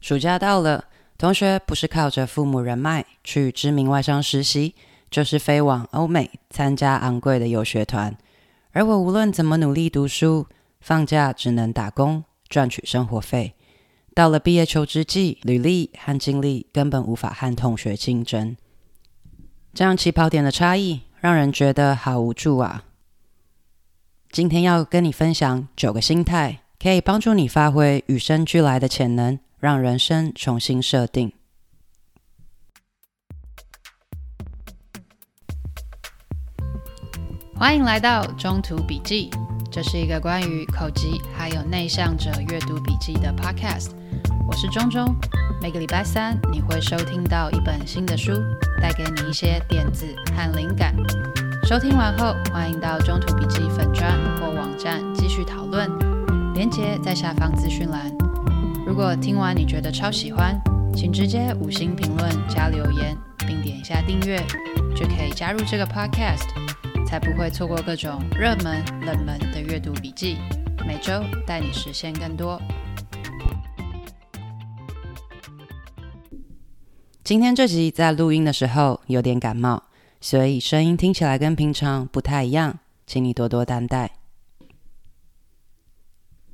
暑假到了，同學不是靠着父母人脈去知名外商實習，就是飛往歐美參加昂貴的遊學團。而我無論怎麼努力讀書，放假只能打工賺取生活費。到了畢業求職季，履歷和經歷根本無法和同學競爭。這樣起跑點的差異，讓人覺得好無助啊！今天要跟你分享九個心態，可以幫助你發揮與生俱來的潛能。讓人生重新設定。歡迎來到中途筆記，這是一個關於口吃，還有內向者閱讀筆記的 podcast。我是鍾鍾，每個禮拜三你會收聽到一本新的書，帶給你一些點子和靈感。收聽完後，歡迎到中途筆記粉專或網站繼續討論，連接在下方資訊欄。如果聽完你覺得超喜歡，請直接五星評論加留言，並點一下訂閱，就可以加入這個 podcast，才不會錯過各種熱門、冷門的閱讀筆記。每周帶你實現更多。今天這集在錄音的時候有點感冒，所以聲音聽起來跟平常不太一樣，請你多多擔待。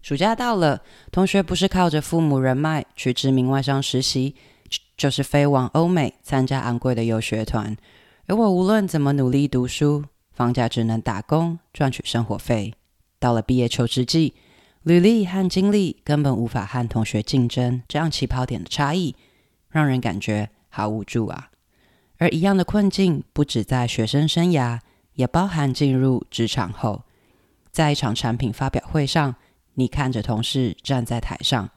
暑假到了，同學不是靠着父母人脈去知名外商實習，就是飛往歐美參加昂貴的遊學團。而我無論怎麼努力讀書，放假只能打工，賺取生活費。到了畢業求職季，履歷和經歷根本無法和同學競爭，這樣起跑點的差異，讓人感覺好無助啊！而一樣的困境不止在學生生涯，也包含進入職場後，在一場產品發表會上。你看着同事站在台上，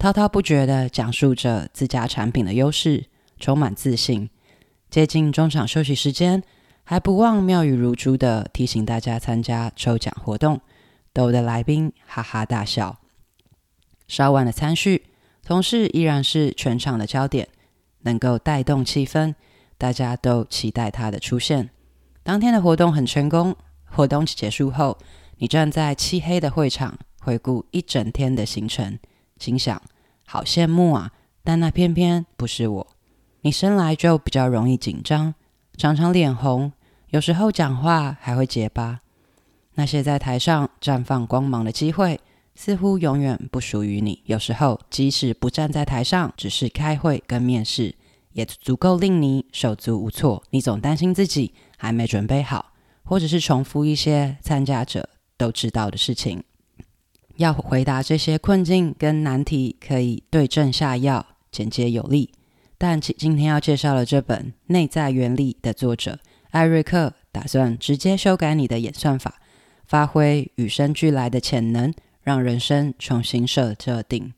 滔滔不絕的講述着自家產品的優勢，充滿自信。接近中場休息時間，還不忘妙語如珠的提醒大家參加抽獎活動，逗得來賓哈哈大笑。稍晚的餐敘，同事依然是全場的焦點，能夠帶動氣氛，大家都期待他的出現。當天的活動很成功。活動結束後，你站在漆黑的會場。回顧一整天的行程，心想好羨慕啊！但那偏偏不是我。你生來就比較容易緊張，常常臉紅，有時候講話還會結巴。那些在台上綻放光芒的機會，似乎永遠不屬於你。有時候，即使不站在台上，只是開會跟面試，也足夠令你手足無措。你總擔心自己還沒準備好，或者是重複一些參加者都知道的事情。要回答這些困境跟難題，可以對症下藥，簡潔有力。但今天要介紹的這本《內在原力》的作者艾瑞克，打算直接修改你的演算法，發揮與生俱來的潛能，讓人生重新設定。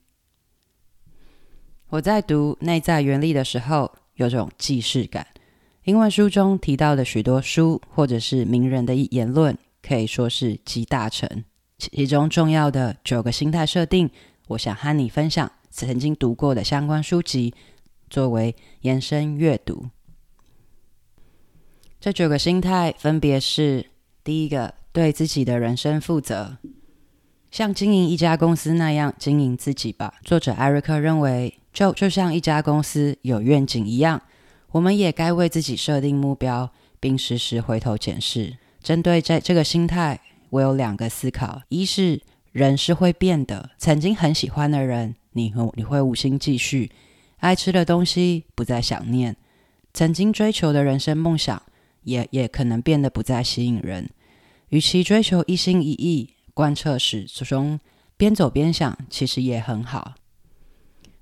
我在讀《內在原力》的時候，有種既視感，因為書中提到的許多書或者是名人的言論，可以說是集大成。其中重要的九個心態設定，我想和你分享曾經讀過的相關書籍，作為延伸閱讀。這九個心態分別是：第一個，對自己的人生負責，像經營一家公司那樣經營自己吧。作者艾瑞克認為，就就像一家公司有願景一樣，我們也該為自己設定目標，並時時回頭檢視。針對在這，這個心態。我有兩個思考：一是人是會變的，曾經很喜歡的人，你你會無心繼續；愛吃的東西不再想念，曾經追求的人生夢想，也也可能變得不再吸引人。與其追求一心一意、貫徹始終，邊走邊想，其實也很好。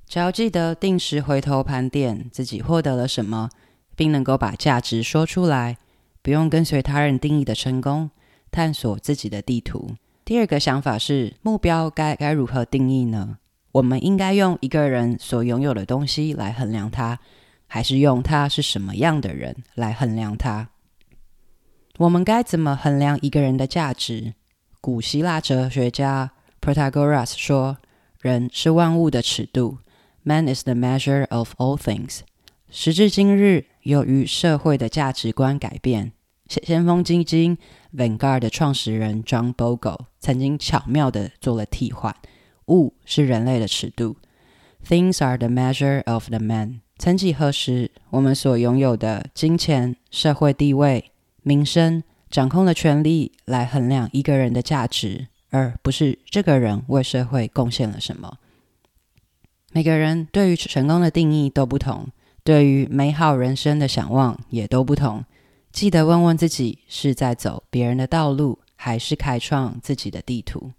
只要記得定時回頭盤點自己獲得了什麼，並能夠把價值說出來，不用跟隨他人定義的成功。探索自己的地圖。第二個想法是，目標該該如何定義呢？我們應該用一個人所擁有的東西來衡量他，還是用他是什麼樣的人來衡量他？我們該怎麼衡量一個人的價值？古希臘哲學家 Protagoras 說：“人是萬物的尺度。”Man is the measure of all things。時至今日，由於社會的價值觀改變，先鋒精。晶。Vanguard 的創始人 John Bogle 曾經巧妙地做了替換。物是人類的尺度，Things are the measure of the man。曾幾何時，我們所擁有的金錢、社會地位、名聲、掌控的權力，來衡量一個人的價值，而不是這個人為社會貢獻了什麼。每個人對於成功的定義都不同，對於美好人生的向往也都不同。記得問問自己，是在走別人的道路，還是開創自己的地圖？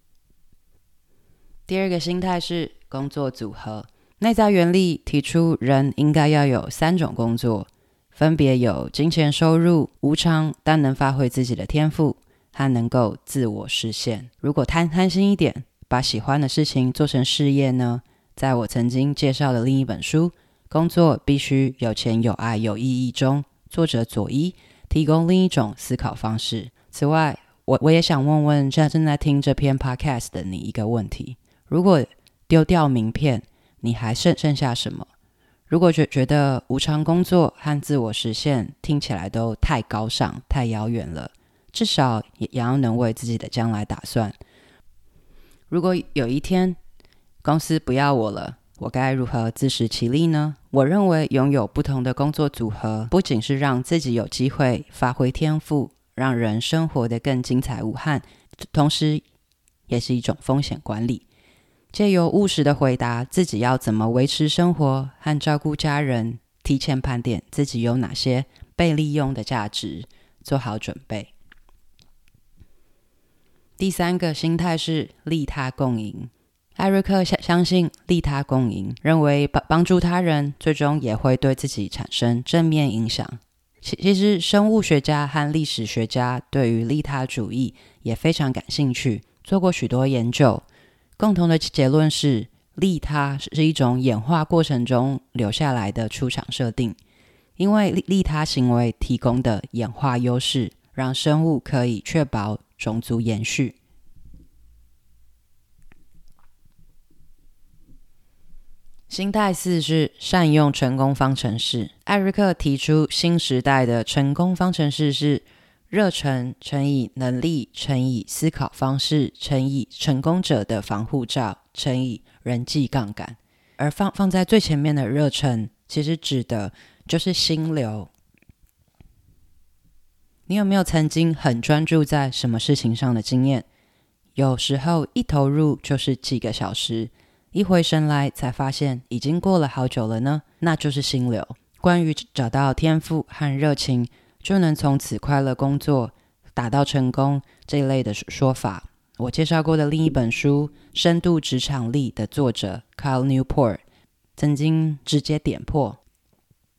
第二個心態是工作組合。內在原力提出，人應該要有三種工作，分別有金錢收入、無償但能發揮自己的天賦，還能夠自我實現。如果貪貪心一點，把喜歡的事情做成事業呢？在我曾經介紹的另一本書《工作必須有錢、有愛、有意義》中，作者佐伊。提供另一種思考方式。此外，我我也想問問現在正在聽這篇 podcast 的你一個問題：如果丟掉名片，你還剩剩下什麼？如果覺覺得無償工作和自我實現聽起來都太高尚、太遙遠了，至少也要能為自己的將來打算。如果有一天公司不要我了，我該如何自食其力呢？我認為擁有不同的工作組合，不僅是讓自己有機會發揮天賦，讓人生活得更精彩無憾，同時也是一種風險管理。借由務實的回答，自己要怎麼維持生活和照顧家人，提前盤點自己有哪些被利用的價值，做好準備。第三個心態是利他共贏。艾瑞克相相信利他共贏，認為幫幫助他人最終也會對自己產生正面影響。其其實，生物學家和歷史學家對於利他主義也非常感興趣，做過許多研究。共同的結論是，利他是一種演化過程中留下來的出廠設定，因為利利他行為提供的演化優勢，讓生物可以確保種族延續。心態四是善用成功方程式。艾瑞克提出新時代的成功方程式是：熱忱乘以能力乘以思考方式乘以成功者的防護罩乘以人際槓桿。而放放在最前面的熱忱，其實指的就是心流。你有沒有曾經很專注在什麼事情上的經驗？有時候一投入就是幾個小時。一回神來，才發現已經過了好久了呢。那就是心流。關於找到天賦和熱情就能從此快樂工作、達到成功這一類的說法，我介紹過的另一本書《深度職場力》的作者 Cal Newport 曾經直接點破：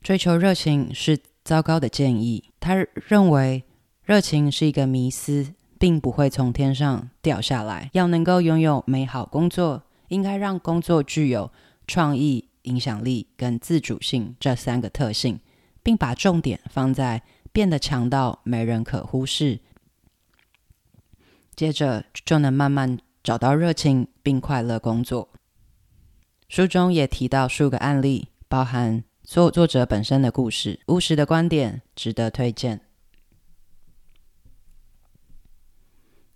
追求熱情是糟糕的建議。他認為，熱情是一個迷思，並不會從天上掉下來。要能夠擁有美好工作。應該讓工作具有創意、影響力跟自主性這三個特性，並把重點放在變得強到沒人可忽視，接着就能慢慢找到熱情並快樂工作。書中也提到數個案例，包含著作者本身的故事、務實的觀點，值得推薦。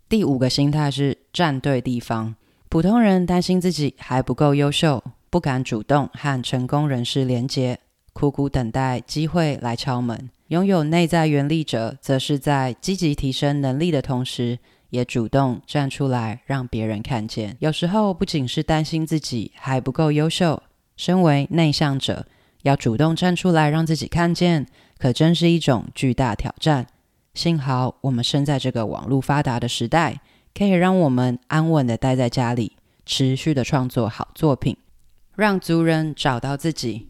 第五個心態是站對地方。普通人擔心自己還不夠優秀，不敢主動和成功人士連接，苦苦等待機會來敲門。擁有內在原力者，則是在積極提升能力的同時，也主動站出來讓別人看見。有時候，不僅是擔心自己還不夠優秀，身為內向者要主動站出來讓自己看見，可真是一種巨大挑戰。幸好，我們生在這個網絡發達的時代。可以讓我們安穩的待在家裡，持續的創作好作品，讓族人找到自己。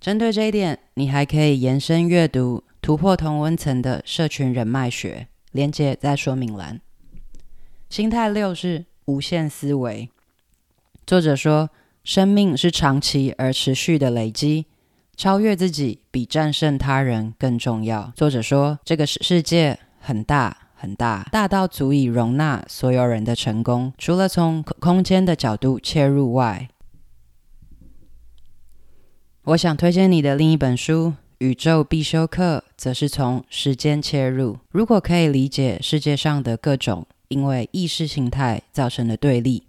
針對這一點，你還可以延伸閱讀《突破同溫層的社群人脈學》，連接在說明欄。心態六是無限思維。作者說，生命是長期而持續的累積，超越自己比戰勝他人更重要。作者說，這個世世界很大。很大，大到足以容納所有人的成功。除了從空間的角度切入外，我想推薦你的另一本書《宇宙必修課》，則是從時間切入。如果可以理解世界上的各種因為意識形態造成的對立，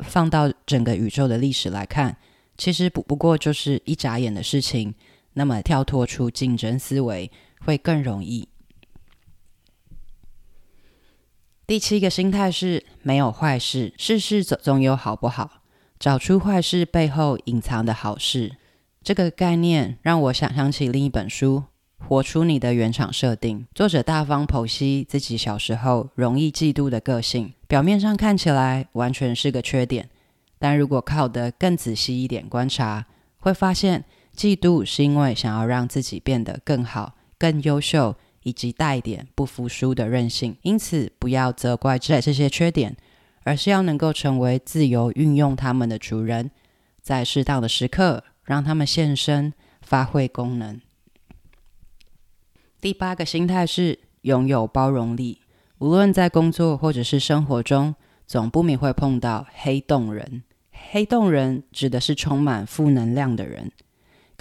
放到整個宇宙的歷史來看，其實不不過就是一眨眼的事情，那麼跳脫出競爭思維，會更容易。第七個心態是沒有壞事，事事總總有好不好？找出壞事背後隱藏的好事，這個概念讓我想象起另一本書《活出你的原廠設定》，作者大方剖析自己小時候容易嫉妒的個性。表面上看起來完全是個缺點，但如果靠得更仔細一點觀察，會發現嫉妒是因為想要讓自己變得更好，更優秀。以及帶點不服輸的韌性，因此不要責怪這這些缺點，而是要能夠成為自由運用他們的主人，在適當的時刻讓他們現身發揮功能。第八個心態是擁有包容力，無論在工作或者是生活中，總不免會碰到黑洞人。黑洞人指的是充滿負能量的人。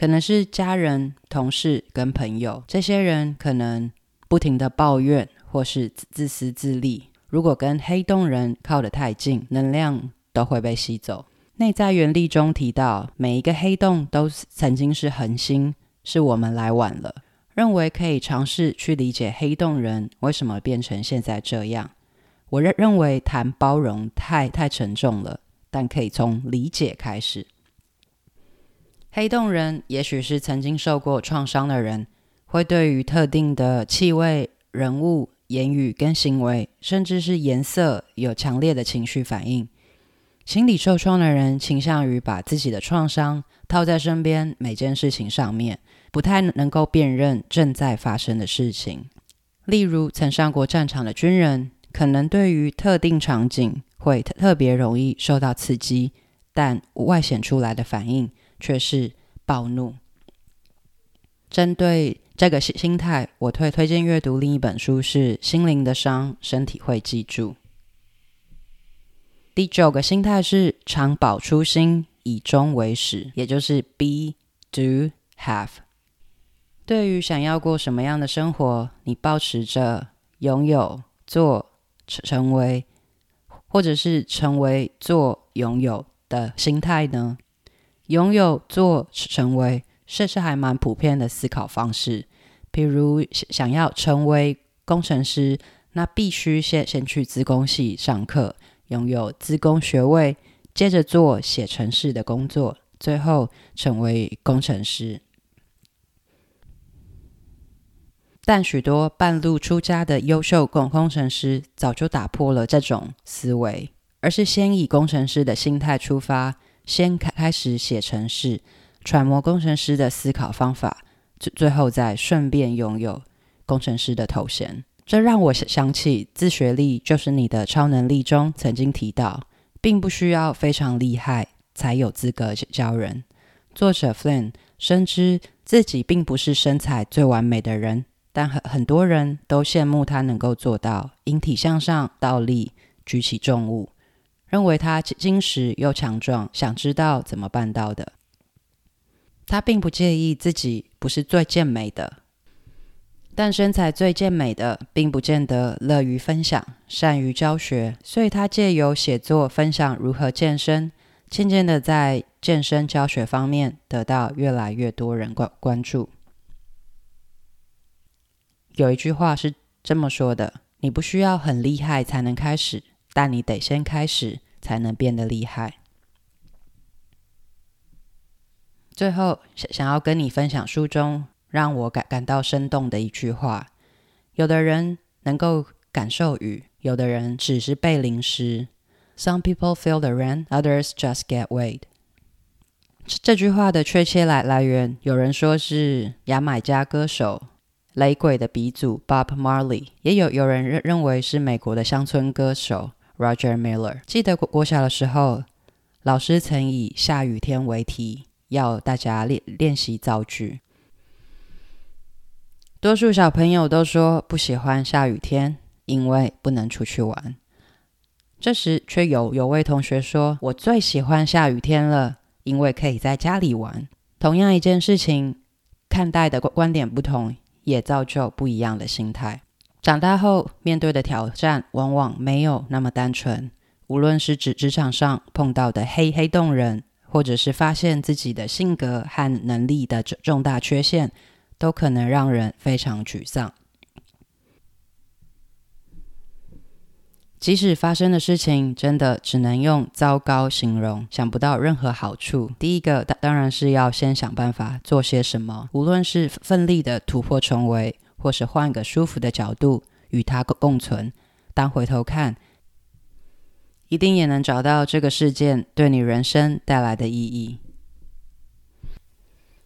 可能是家人、同事跟朋友，這些人可能不停的抱怨或是自私自利。如果跟黑洞人靠得太近，能量都會被吸走。內在原力中提到，每一個黑洞都曾經是恆星，是我們來晚了。認為可以嘗試去理解黑洞人為什麼變成現在這樣。我認認為談包容太太沉重了，但可以從理解開始。黑洞人也許是曾經受過創傷的人，會對於特定的氣味、人物、言語跟行為，甚至是顏色有強烈的情緒反應。心理受創的人傾向於把自己的創傷套在身邊每件事情上面，不太能夠辨認正在發生的事情。例如，曾上過戰場的軍人，可能對於特定場景會特別容易受到刺激，但外顯出來的反應。卻是暴怒。針對這個心心態，我推推薦閱讀另一本書是《心靈的傷，身體會記住》。第九個心態是常保初心，以終為始，也就是 Be、Do、Have。對於想要過什麼樣的生活，你保持着擁有、做、成為，或者是成為、做、擁有的心態呢？擁有、做、成為，這是還蠻普遍的思考方式。比如想要成為工程師，那必須先先去資工系上課，擁有資工學位，接着做寫程式的工作，最後成為工程師。但許多半路出家的優秀工工程師，早就打破了這種思維，而是先以工程師的心態出發。先開開始寫程式，揣摩工程師的思考方法，最最後再順便擁有工程師的頭銜。這讓我想起自學力就是你的超能力中曾經提到，並不需要非常厲害才有資格教人。作者 Flynn 深知自己並不是身材最完美的人，但很很多人都羨慕他能夠做到引體向上、倒立、舉起重物。認為他精實又強壯，想知道怎麼辦到的。他並不介意自己不是最健美的，但身材最健美的，並不見得樂於分享、善於教學，所以他借由寫作分享如何健身，漸漸的在健身教學方面得到越來越多人關關注。有一句話是這麼說的：“你不需要很厲害才能開始。”但你得先開始，才能變得厲害。最後，想想要跟你分享書中讓我感感到生動的一句話：有的人能夠感受雨，有的人只是被淋濕。Some people feel the rain, others just get wet。這句話的確切來來源，有人說是牙買加歌手雷鬼的鼻祖 Bob Marley，也有有人認認為是美國的鄉村歌手。Roger Miller，記得國小的時候，老師曾以下雨天為題，要大家練練習造句。多數小朋友都說不喜歡下雨天，因為不能出去玩。這時，卻有有位同學說：“我最喜歡下雨天了，因為可以在家裡玩。”同樣一件事情，看待的觀點不同，也造就不一樣的心態。長大後面對的挑戰往往沒有那麼單純，無論是指職場上碰到的黑黑洞人，或者是發現自己的性格和能力的重大缺陷，都可能讓人非常沮喪。即使發生的事情真的只能用糟糕形容，想不到任何好處。第一個，當當然是要先想辦法做些什麼，無論是奮力的突破重圍。或是換個舒服的角度與它共共存，當回頭看，一定也能找到這個事件對你人生帶來的意義。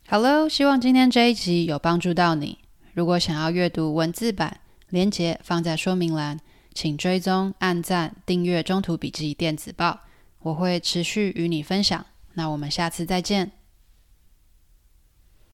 好了，希望今天這一集有幫助到你。如果想要閱讀文字版，連接放在說明欄，請追蹤、按讚、訂閱《中途筆記電子報》，我會持續與你分享。那我們下次再見。